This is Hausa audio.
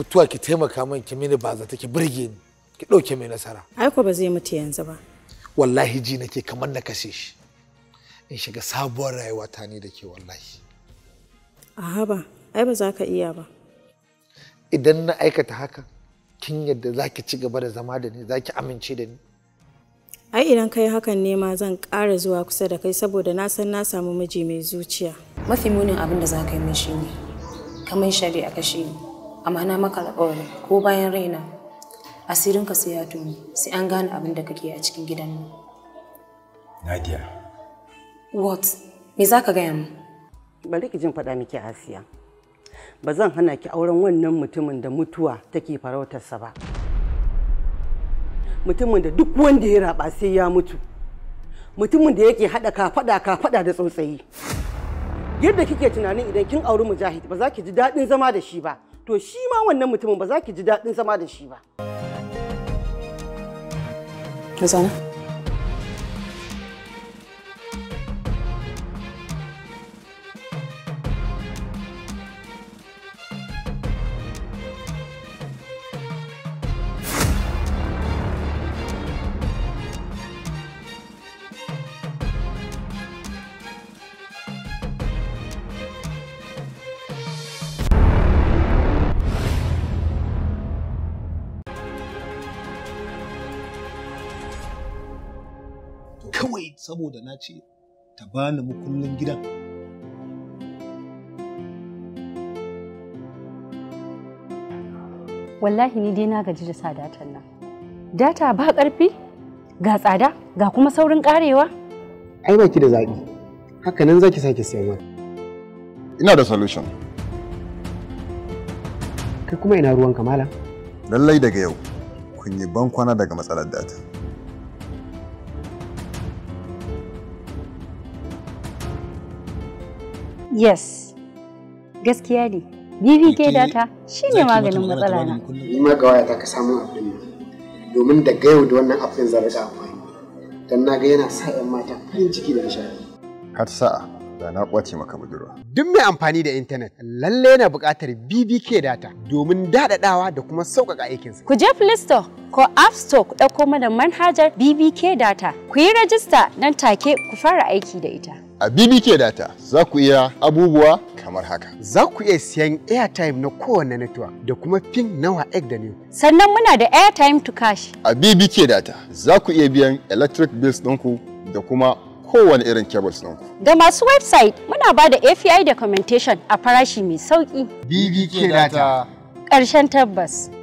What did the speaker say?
mutuwa ki taimaka min ki mini ba zata ki burge ni ki ɗauke mai nasara aiko ba zai mutu yanzu ba wallahi ji nake kamar na kashe shi in shiga sabuwar rayuwa ta ni da ke wallahi aha ba ai ba za ka iya ba idan na aikata haka kin yadda za ki ci gaba da zama da ni za ki amince da ni ai idan kai hakan ne ma zan ƙara zuwa kusa da kai saboda na san na samu miji mai zuciya mafi munin abin da za ka yi min ne kamar shari'a kashe ni amma na maka alƙawari ko bayan raina asirinka sai ya tuni sai an gane abin da kake a cikin gidan nan. Nadia. What? Me za ka gaya Bari ki jin faɗa miki Asiya. Ba zan hana ki auren wannan mutumin da mutuwa take farautarsa ba. Mutumin da duk wanda ya raba sai ya mutu. Mutumin da yake haɗa ka kafaɗa da tsautsayi. Yadda kike tunanin idan kin auri mujahid ba za ki ji daɗin zama da shi ba. to shi ma wannan mutumin ba za ki ji daɗin zama da shi ba. Ki kawai saboda na ce ta ba ni mukullin gidan wallahi ni dai na gaji da sa datan nan data ba ƙarfi ga tsada ga kuma saurin ƙarewa ai baki da zaɓi haka nan zaki sake siyan ina da solution kai kuma ina ruwan kamala lallai daga yau kun yi bankwana daga matsalar data yes gaskiya ne bbk data shine maganin matsala na ni ma ga wayata ka samu abin nan domin da yau da wannan abin zan rika amfani dan na ga yana sa yan mata farin ciki da nishaɗi ka ta sa'a da na kwace maka budurwa duk mai amfani da intanet lalle yana buƙatar bbk data domin daɗaɗawa da kuma sauƙaƙa aikinsa ku je play store ko app store ku ɗauko mana manhajar bbk data ku yi rajista nan take ku fara aiki da ita A BBK Data za ku iya abubuwa kamar haka. Za ku iya siyan airtime na kowane network da kuma pin nawa egg da new. Sannan muna da airtime to cash. A BBK Data za ku iya biyan electric bills ɗinku da kuma kowane irin cables ɗinku. Ga masu website muna ba da API documentation a farashi mai sauƙi. BBK Data. Ƙarshen tabbas.